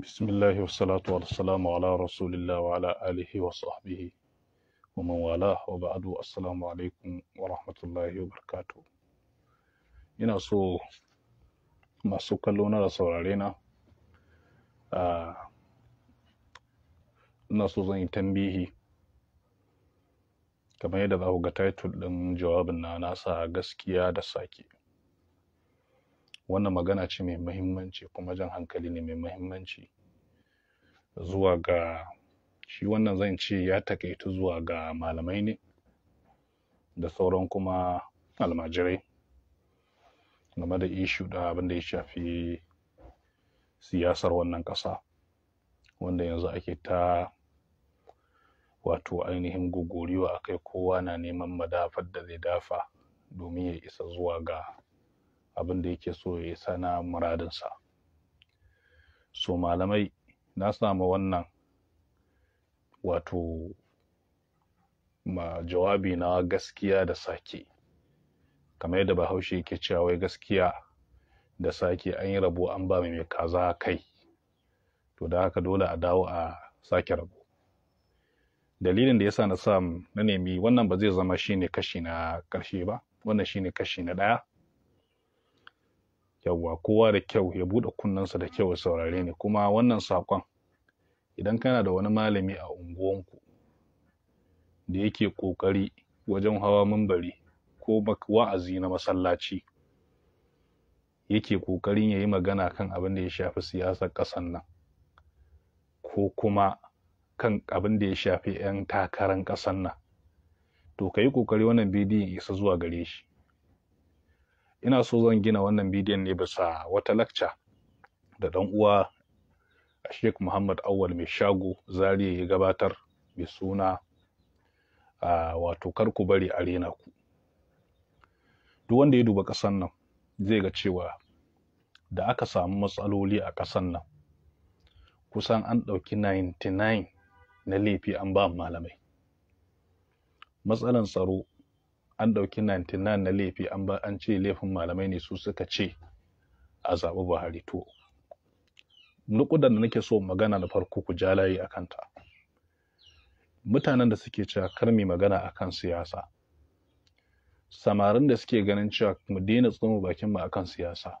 bismillahi wassalatu wassalamu ala rasulillah wa ala alihi wa sahbihi wa wa ba'du assalamu ina so masu kallo na da saurare na ina so zan yi tambihi kamar yadda za ku ga title ɗin jawabin na nasa gaskiya da sake wannan magana ce mai mahimmanci kuma jan hankali ne mai mahimmanci zuwa ga shi wannan zan ce ya takaitu zuwa ga malamai ne da sauran kuma almajirai game da ishu da abin da ya shafi siyasar wannan ƙasa wanda yanzu ake ta wato ainihin gogoriwa akai kowa na neman madafar da zai dafa domin ya isa zuwa ga abin da yake so ya isa na muradinsa so malamai na samu wannan wato ma jawabi na gaskiya da sake kamar yadda bahaushe yake cewa wai gaskiya da sake an yi rabo an ba mai kaza kai to da haka dole a dawo a sake rabo dalilin da ya sa na sa na nemi wannan ba zai zama shine kashi na ƙarshe ba wannan shine kashi na ɗaya yawwa kowa da kyau ya buɗe kunnensa da kyau ya saurare ni kuma wannan saƙon idan kana da wani malami a unguwanku da yake ƙoƙari wajen hawa mambari ko wa'azi na masallaci yake ƙoƙarin ya yi magana kan abin da ya shafi siyasar ƙasar nan ko kuma kan abin da ya shafi 'yan takarar ƙasar nan to ka yi ƙoƙari wannan bidiyon isa zuwa gare shi ina so zan gina wannan bidiyon ne bisa wata lacca da ɗan uwa a Sheikh Muhammad Awal mai shago Zariya ya gabatar mai suna a wato karku bari a rena ku duk wanda ya duba ƙasan nan zai ga cewa da aka samu matsaloli a ƙasan nan kusan an ɗauki 99 na laifi an ba malamai matsalan tsaro an ɗauki 99 na laifi an ba an ce laifin malamai ne su suka ce a zaɓi buhari to nukudan da nake so magana na farko ku ja layi a kanta mutanen da suke cewa kar mai magana a kan siyasa samarin da suke ganin cewa mu daina tsoma bakin mu akan siyasa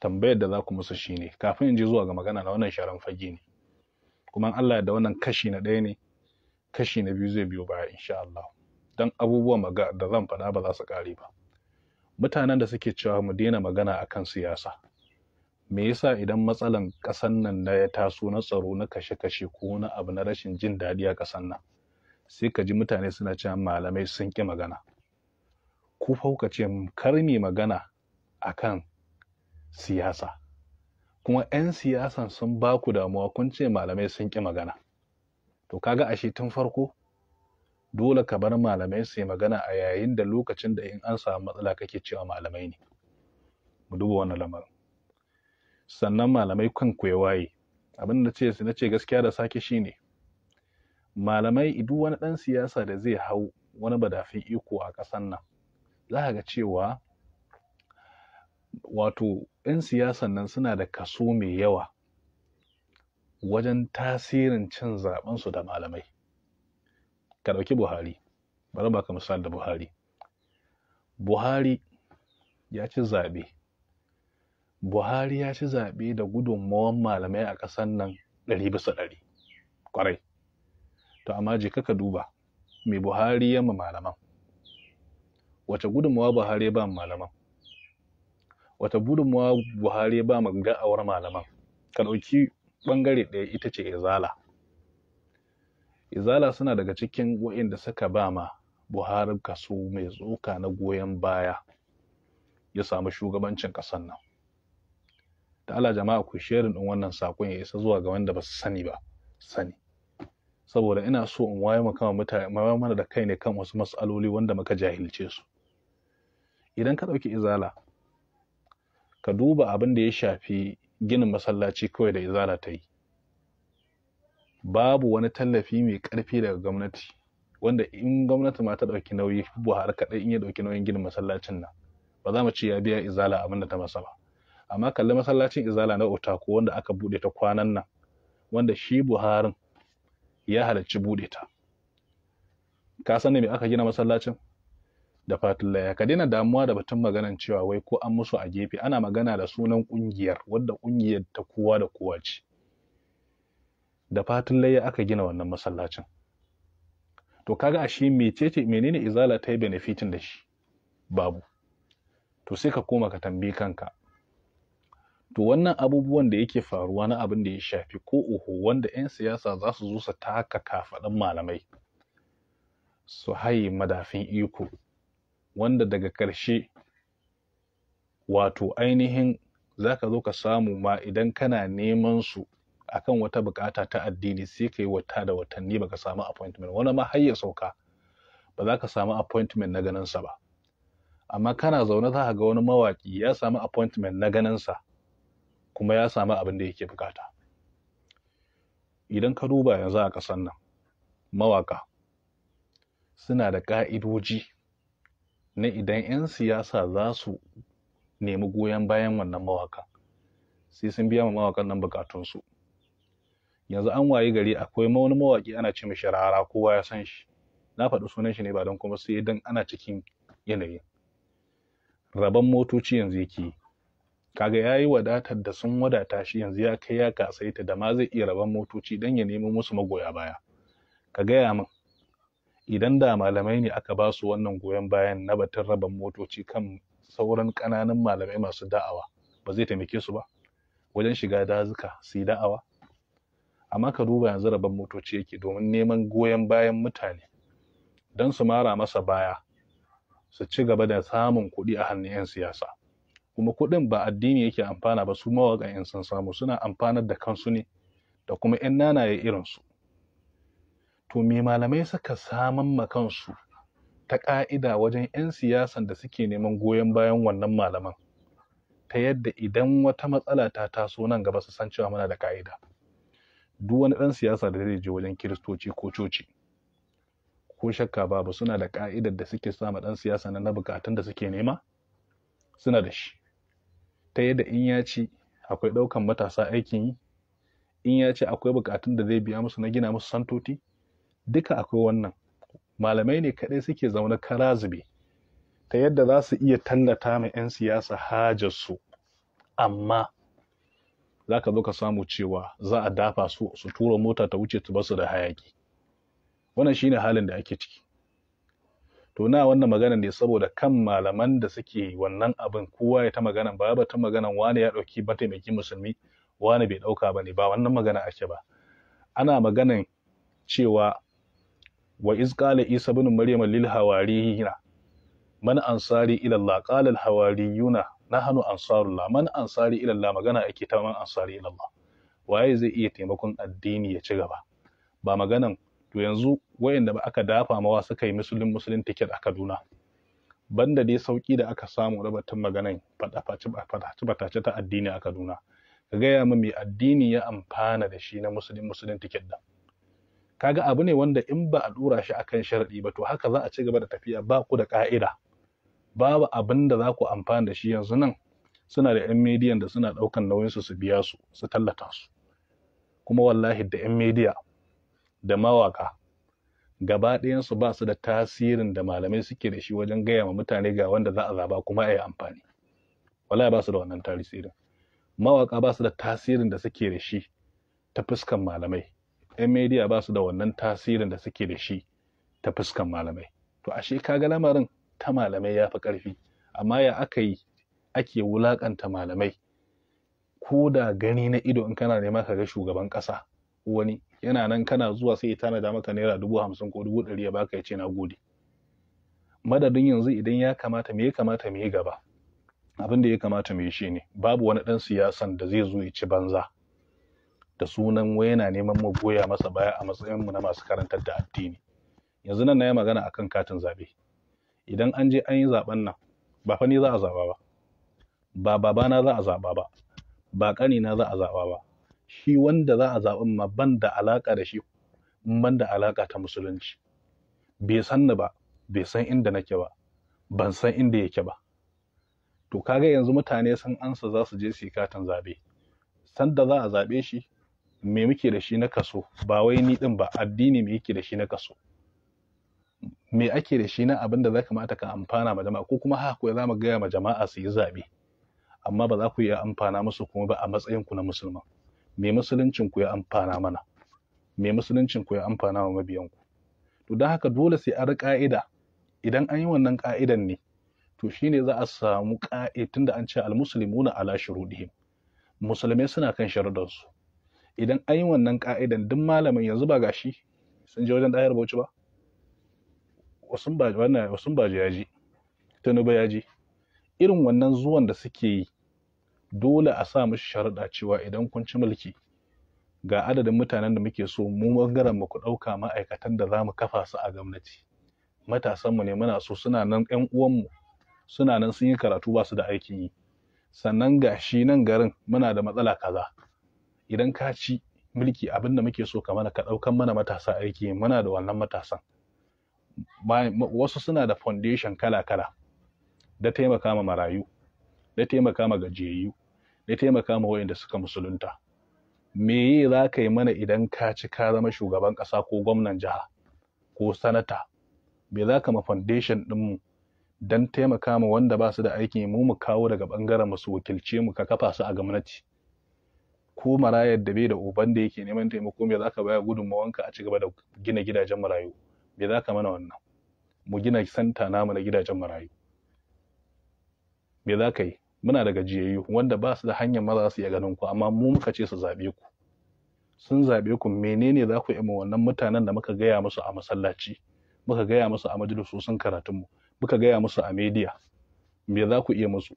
tambayar da za ku musu ne, kafin in je zuwa ga magana na wannan sharan fage ne kuma Allah da wannan kashi na ɗaya ne kashi na biyu zai biyo baya insha Allah don abubuwan da zan faɗa ba za su ƙare ba mutanen da suke cewa mu daina magana akan siyasa me yasa idan matsalan ƙasan nan na ya taso na tsaro na kashe-kashe ko na abu na rashin jin daɗi a ƙasan nan sai ka ji mutane suna cewa malamai sun ƙi magana ku fa ce kar mi magana akan siyasa kuma 'yan siyasan sun ba ku damuwa kun ce malamai sun ƙi magana to kaga ashe tun farko dole ka bar malamai su yi magana a yayin da lokacin da in an samu matsala kake cewa malamai ne mu duba wannan lamarin sannan malamai kan ku waye abin da ce su nace gaskiya da sake shine malamai idu wani dan siyasa da zai hau wani badafin iko a ƙasan nan za ka ga cewa wato 'yan siyasan nan suna da kaso mai yawa wajen tasirin cin zaɓensu da malamai ka ɗauki buhari bari ba ka misali da buhari buhari ya ci zaɓe buhari ya ci zaɓe da gudunmawan malamai a ƙasar nan ɗari bisa ɗari ƙwarai to amma je ka duba mai buhari ya ma malaman wace gudunmawa buhari ba malaman wata gudunmawa buhari ba ma malaman ka ɗauki ɓangare ɗaya ita ce izala izala suna daga cikin wa'inda suka ba ma buhari kaso mai tsoka na goyon baya ya samu shugabancin ƙasar nan Ta ala jama'a ku shirin din wannan sakon ya isa zuwa ga wanda ba su sani ba sani saboda ina so in wayo maka mutane mana da kai ne kan wasu matsaloli wanda muka jahilce su idan ka ɗauki izala ka duba abin da ya shafi ginin masallaci kawai da izala ta yi babu wani tallafi mai ƙarfi daga gwamnati wanda in gwamnati ma ta ɗauki nauyi buhari kaɗai in ya ɗauki nauyin ginin masallacin nan ba za mu ci ya biya izala abin da ta masa ba amma kalli masallacin izala na otako wanda aka buɗe ta kwanan nan wanda shi buharin ya halarci buɗe ta ka sani me aka gina masallacin da fatin laya ka daina damuwa da batun maganan cewa wai ko an musu a gefe ana magana da sunan ƙungiyar wadda kungiyar ta kowa da kowa ce da fatun layya aka gina wannan masallacin to kaga ashe mecece menene izala ta yi benefitin da shi babu to sai ka koma ka tambayi kanka to wannan abubuwan da yake faruwa na abin da ya shafi ko oho wanda 'yan siyasa za su zo su taka kafaɗin malamai su haye madafin iko wanda daga ƙarshe wato ainihin za ka zo ka samu ma idan kana neman su akan wata bukata ta addini sai kai wata da watanni baka samu appointment wani ma har ya sauka ba za ka samu appointment na ganin sa ba amma kana zaune za ka ga wani mawaki ya samu appointment na ganin sa kuma ya samu abin da yake bukata idan ka duba yanzu a kasan nan mawaka suna da ƙa'idoji na idan 'yan siyasa za su nemi goyon bayan wannan mawakan sai sun biya ma mawakan nan bukatunsu yanzu an wayi gari akwai wani mawaƙi ana ce mishi rara kowa ya san shi na faɗi sunan shi ne ba don kuma sai dan ana cikin yanayi rabon motoci yanzu yake kaga yayi wadatar da sun wadata shi yanzu ya kai ya ta da ma zai iya rabon motoci dan ya nemo musu magoya baya ka gaya min idan da malamai ne aka ba su wannan goyon bayan na batun rabon motoci kan sauran ƙananan malamai masu da'awa ba zai taimake su ba wajen shiga dazuka su yi da'awa amma ka duba yanzu rabon motoci yake domin neman goyon bayan mutane don su mara masa baya su ci gaba da samun kuɗi a hannun 'yan siyasa kuma kuɗin ba addini yake amfana ba su mawaƙa 'yan sun samu suna amfanar da kansu ne da kuma 'yan nanaye irinsu to me malamai suka saman ma kansu ta ƙa'ida wajen 'yan siyasan da suke neman goyon bayan wannan malaman ta yadda idan wata matsala ta taso nan gaba su san cewa muna da ƙa'ida duk wani ɗan siyasa da zai je wajen kiristoci ko coci ko shakka babu suna da ƙa'idar da suke sama ɗan siyasa na bukatun da suke nema suna da shi ta yadda in ya ci akwai ɗaukan matasa aikin yi in ya ce akwai bukatun da zai biya musu na gina musu santoti duka akwai wannan malamai ne kaɗai suke zaune kara zube ta yadda za su iya tallata mai 'yan siyasa hajarsu amma za ka zo ka samu cewa za a dafa su su tura mota ta wuce su basu da hayaki wannan shine halin da ake ciki to na wannan magana ne saboda kan malaman da suke wannan abin kowa ya ta magana ba ba ta magana wani ya dauki mataimakin musulmi wani bai dauka ba ne ba wannan magana ake ba ana maganan cewa wa iz qala isa ibn maryam lil hawariyina man ansari ila allah qala al hawariyuna nahanu ansarullah man ansari ila Allah magana ake ta man ansari ila waye zai iya taimakon addini ya ci gaba ba maganan to yanzu wayanda ba aka dafa mawa suka yi musulun musulun ticket a Kaduna banda dai sauki da aka samu rabatun maganan fadace ta addini a Kaduna ka gaya min mai addini ya amfana da shi na musulun musulun ticket da kaga abu ne wanda in ba a dura shi akan sharadi ba to haka za a ci gaba da tafiya ba ku da ka'ida babu abin da za ku amfana da shi yanzu nan suna da 'yan mediyan da suna ɗaukan nauyinsu su biya su su tallata su kuma wallahi da 'yan mediya da mawaka gaba ɗayansu ba su da tasirin da malamai suke da shi wajen gaya ma mutane ga wanda za a zaba kuma a yi amfani wallahi ba su da wannan tasirin mawaka ba su da tasirin da suke da shi ta fuskan malamai 'yan mediya ba su da wannan tasirin da suke da shi ta fuskan malamai to ashe ka ga lamarin ta malamai ya fi ƙarfi amma ya aka yi ake wulaƙanta malamai ko da gani na ido in kana nema ka ga shugaban ƙasa wani yana nan kana zuwa sai ya tanada maka naira dubu hamsin ko dubu ɗari ya baka ya ce na gode madadin yanzu idan ya kamata me ya kamata me gaba abin da ya kamata me shi ne babu wani ɗan siyasan da zai zo ya ci banza da sunan wai yana neman mu goya masa baya a matsayinmu na masu karantar da addini yanzu nan na yi magana akan katin zaɓe idan an je an yi zaben nan ba fa ni za a zaba ba ba babana za a zaba ba ba ƙanina za a zaɓa ba shi wanda za a zaɓa ma ban da alaƙa da shi ban da alaƙa ta musulunci bai san ni ba bai san inda nake ba ban san inda yake ba to kaga yanzu mutane sun ansa za su je su yi katin zaɓe sanda za a zaɓe shi me muke da shi na kaso ba wai ni ɗin ba addini me yake da shi na kaso me ake da shi na abin da za ka mata ka amfana ma jama'a ko kuma haka ku za mu gaya ma jama'a su yi zaɓe amma ba za ku iya amfana musu kuma ba a matsayin ku na musulman me musuluncin ku ya amfana mana me musuluncin ku ya amfana wa mabiyan ku to don haka dole sai a ka'ida idan an yi wannan ka'idan ne to shine za a samu ka'i tunda an ce almuslimuna ala shurudihim musulmai suna kan su idan an yi wannan ka'idan duk malamin yanzu ba gashi sun je wajen ɗayar bauchi ba wasun ba wannan wasun ba ya ji irin wannan zuwan da suke yi dole a sa mushi sharaɗa cewa idan kun ci mulki ga adadin mutanen da muke so mu bangaren mu ku ɗauka ma'aikatan da za mu kafa su a gwamnati matasanmu ne muna so suna nan ƴan uwanmu suna nan sun yi karatu ba su da aikin yi sannan ga shi nan garin muna da matsala kaza idan ka ci mulki abin da muke so ka mana ka ɗaukan mana matasa aiki muna da wannan matasan wasu suna da foundation kala-kala da taimaka ma marayu da taimaka ma gajiyayyu da taimaka ma wayanda suka musulunta Me yi za ka yi mana idan ka ci ka zama shugaban ƙasa ko gwamnan jiha ko sanata me za ka ma foundation ɗinmu don taimaka ma wanda ba su da aiki mu mu kawo daga ɓangaren masu wakilce mu ka kafa su a gwamnati ko marayar da bai da uban da yake neman taimako me za ka baya gudunmawanka a ci gaba da gina gidajen marayu bai za ka mana wannan mu gina santa namu na gidajen marayu me za ka yi muna da gajiyayyu wanda ba su da hanyar maza su iya ganin ku amma mu muka ce su zaɓe ku sun zaɓe ku menene za ku yi ma wannan mutanen da muka gaya musu a masallaci muka gaya musu a karatun karatunmu muka gaya musu a media me za ku iya musu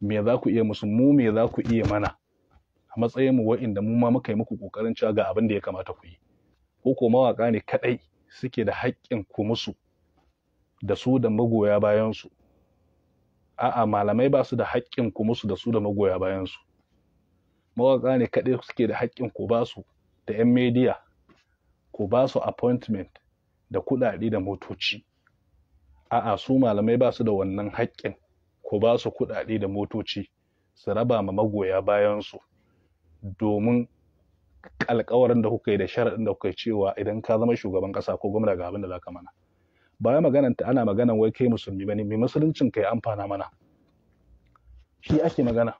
me za ku iya musu mu me za ku iya mana a matsayinmu wa'inda mu ma muka yi muku ƙoƙarin cewa ga abin da ya kamata ku yi ko ko mawaƙa ne kaɗai suke da haƙƙin ku musu da su da magoya bayansu a'a malamai ba su da haƙƙin ku musu da su da magoya bayansu mawaƙa ne kaɗai suke da haƙƙin ku ba su da 'yan media ku ba su appointment da kuɗaɗe da motoci a'a su malamai ba su da wannan haƙƙin ku ba su kuɗaɗe da motoci su raba ma magoya bayansu domin alkawarin da kuka yi da sharaɗin da kuka yi cewa idan ka zama shugaban ƙasa ko gwamna ga abin da za ka mana Bayan maganan ta ana maganan wai kai musulmi bane mai musuluncin kai amfana mana shi ake magana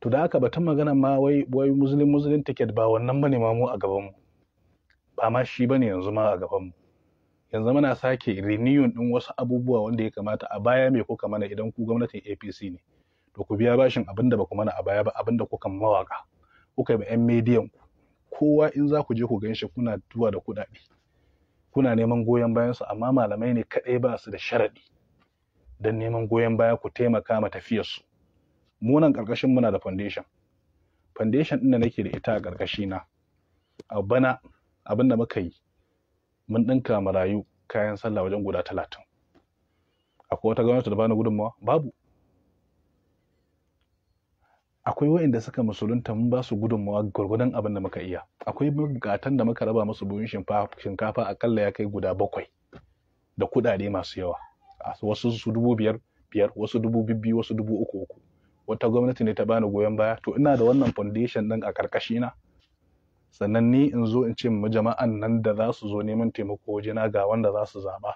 to da haka batun magana ma wai wai muslim muslim take ba wannan bane ma mu a gaban mu ba ma shi bane yanzu ma a gaban mu yanzu muna sake renewing din wasu abubuwa wanda ya kamata a baya mai kuka mana idan ku gwamnatin APC ne to ku biya bashin abinda ba ku mana a baya ba abinda kuka mawaka kuka yi 'yan mediyan ku kowa in za ku je ku gan shi kuna duwa da kuɗaɗe kuna neman goyon bayan su amma malamai ne kaɗai ba su da sharaɗi don neman goyon baya ku taimaka ma tafiyar su mu nan ƙarƙashin muna da foundation foundation ɗin da nake da ita a ƙarƙashi na a bana abin da muka yi mun ɗinka marayu kayan sallah wajen guda talatin akwai wata gwamnati da bani gudunmawa babu akwai waɗanda suka musulunta mun ba su gudunmawa gwargwadon abin da muka iya akwai bukatan da muka raba musu buhun shinkafa akalla ya kai guda bakwai da kuɗaɗe masu yawa wasu su dubu biyar biyar wasu dubu bibbi wasu dubu uku uku wata gwamnati ne ta bani goyon baya to ina da wannan foundation din a karkashi na sannan ni in zo in ce mu jama'an nan da za su zo neman taimako wajena ga wanda za su zaɓa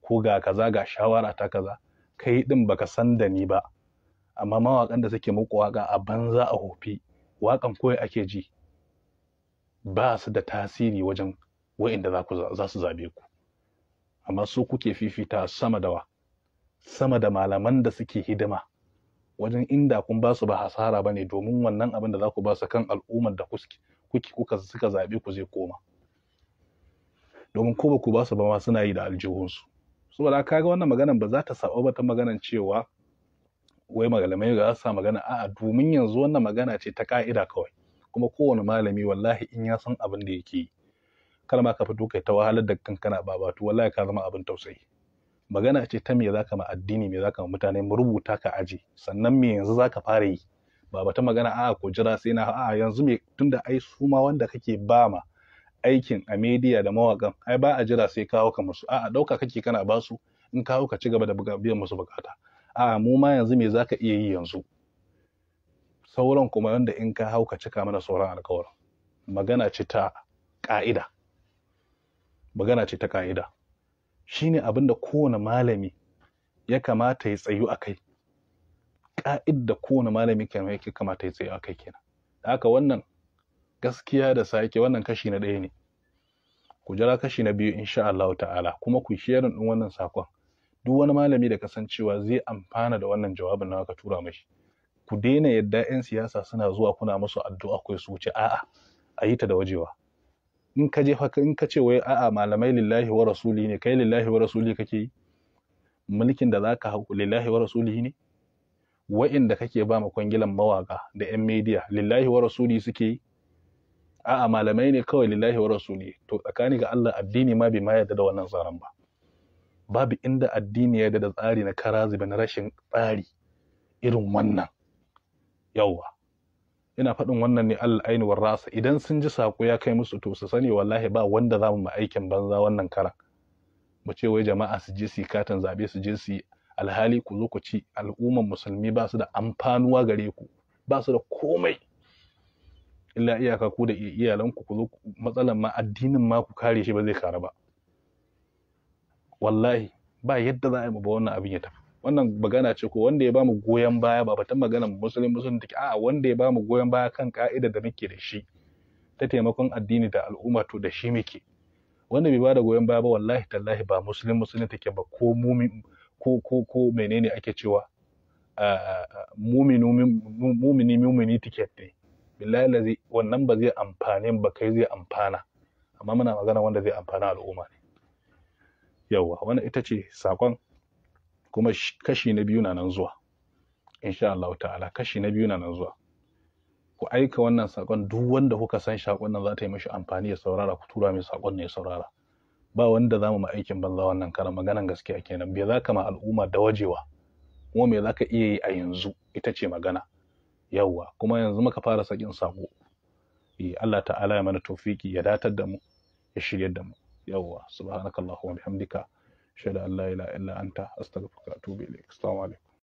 ko ga kaza ga shawara ta kaza kai ɗin baka san da ni ba amma mawakan da suke muku waƙa a banza a hofi waƙan koyi ake ji ba su da tasiri wajen wa'inda za su zabe ku amma su kuke fifita sama da wa sama da malaman da suke hidima wajen inda kun ba su ba hasara ba ne domin wannan abin da za ku ba su kan al'ummar da kuke kuka suka zabe ku zai koma domin ko ba ku ba su ba ma suna yi da aljihunsu saboda kaga wannan maganan ba za ta saba ba ta maganan cewa wai malamai ga sa magana a'a domin yanzu wannan magana ce ta ka'ida kawai kuma kowane malami wallahi in ya san abin da yake yi kar ma ka fito kai ta wahalar da kankana babatu wallahi ka zama abin tausayi magana ce ta me zaka ma addini me zaka ma mutane mu rubuta ka aje sannan me yanzu zaka fara yi ba ta magana a'a ko jira sai na a'a yanzu me tunda ai su ma wanda kake ba ma aikin a media da mawakan ai ba a jira sai kawo ka musu a'a dauka kake kana ba su in kawo ka ci gaba da biyan musu bukata A'a, mu ma yanzu me zaka iya yi yanzu sauran kuma wanda in ka hau ka cika mana sauran alkawarin magana ce ta ƙa'ida magana ce ta ƙa'ida shine abin da kowane malami ya kamata ya tsayu a kai ƙa'id da kowane malami kenan kamata ya tsayu a kai kenan da haka wannan gaskiya da sake wannan kashi na ɗaya ne ku jira kashi na biyu insha Allah ta'ala kuma ku shirin ɗin wannan sakon duk wani malami da kasancewa zai amfana da wannan jawabin na ka tura mashi ku daina yadda 'yan siyasa suna zuwa kuna musu addu'a ku su wuce a'a a yi ta da wajewa in ka je in ka ce wai a'a malamai lillahi wa rasuli ne kai lillahi wa rasuli kake yi mulkin da zaka hau lillahi wa rasuli ne wa'inda kake ba makwangilan mawaka da 'yan media lillahi wa rasuli suke yi a'a malamai ne kawai lillahi wa rasuli to tsakani ga Allah addini ma bai ma yarda da wannan tsaron ba babu inda addini ya da tsari na kara zube na rashin tsari irin wannan yawwa ina faɗin wannan ne Allah ainihin rasa idan sun ji sako ya kai musu to su sani wallahi ba wanda za mu ma aikin banza wannan karan mu ce wai jama'a su je su katin zaɓe su je su alhali ku zo ku ci al'umman musulmi ba su da amfanuwa gare ku ba su da komai illa iyaka ku da iyalanku ku zo matsalan ma addinin ma ku kare shi ba zai kare ba wallahi ba yadda za a yi ba wannan abin ya tafi wannan magana ce ko wanda ya bamu goyon baya ba batun magana musulmi musulmi take a'a wanda ya bamu goyon baya kan ka'ida da muke da shi ta taimakon addini da al'umma to da shi muke wanda bai da goyon baya ba wallahi tallahi ba musulmi musulmi take ba ko mumin ko ko ko menene ake cewa mumini mumini mumini ne billahi lazi wannan ba zai amfane ba kai zai amfana amma muna magana wanda zai amfana al'umma ne yawwa wani ita ce saƙon kuma kashi na biyu na nan zuwa insha Allah ta'ala kashi na biyu na nan zuwa ku aika wannan sakon duk wanda kuka san saƙon nan za ta yi mashi amfani ya saurara ku tura mai sakon ne ya saurara ba wanda za mu ma aikin banza wannan karan maganan gaskiya kenan bai za ka ma al'umma da wajewa kuma me za ka iya yi a yanzu ita ce magana yawwa kuma yanzu muka fara sakin saƙo eh, Allah ta'ala ya mana tofiki ya datar da mu ya shiryar da mu yawwa subhanakallahumma bihamdika shada an la ilaha illa anta astaghfiruka wa atubu ilaik assalamu alaikum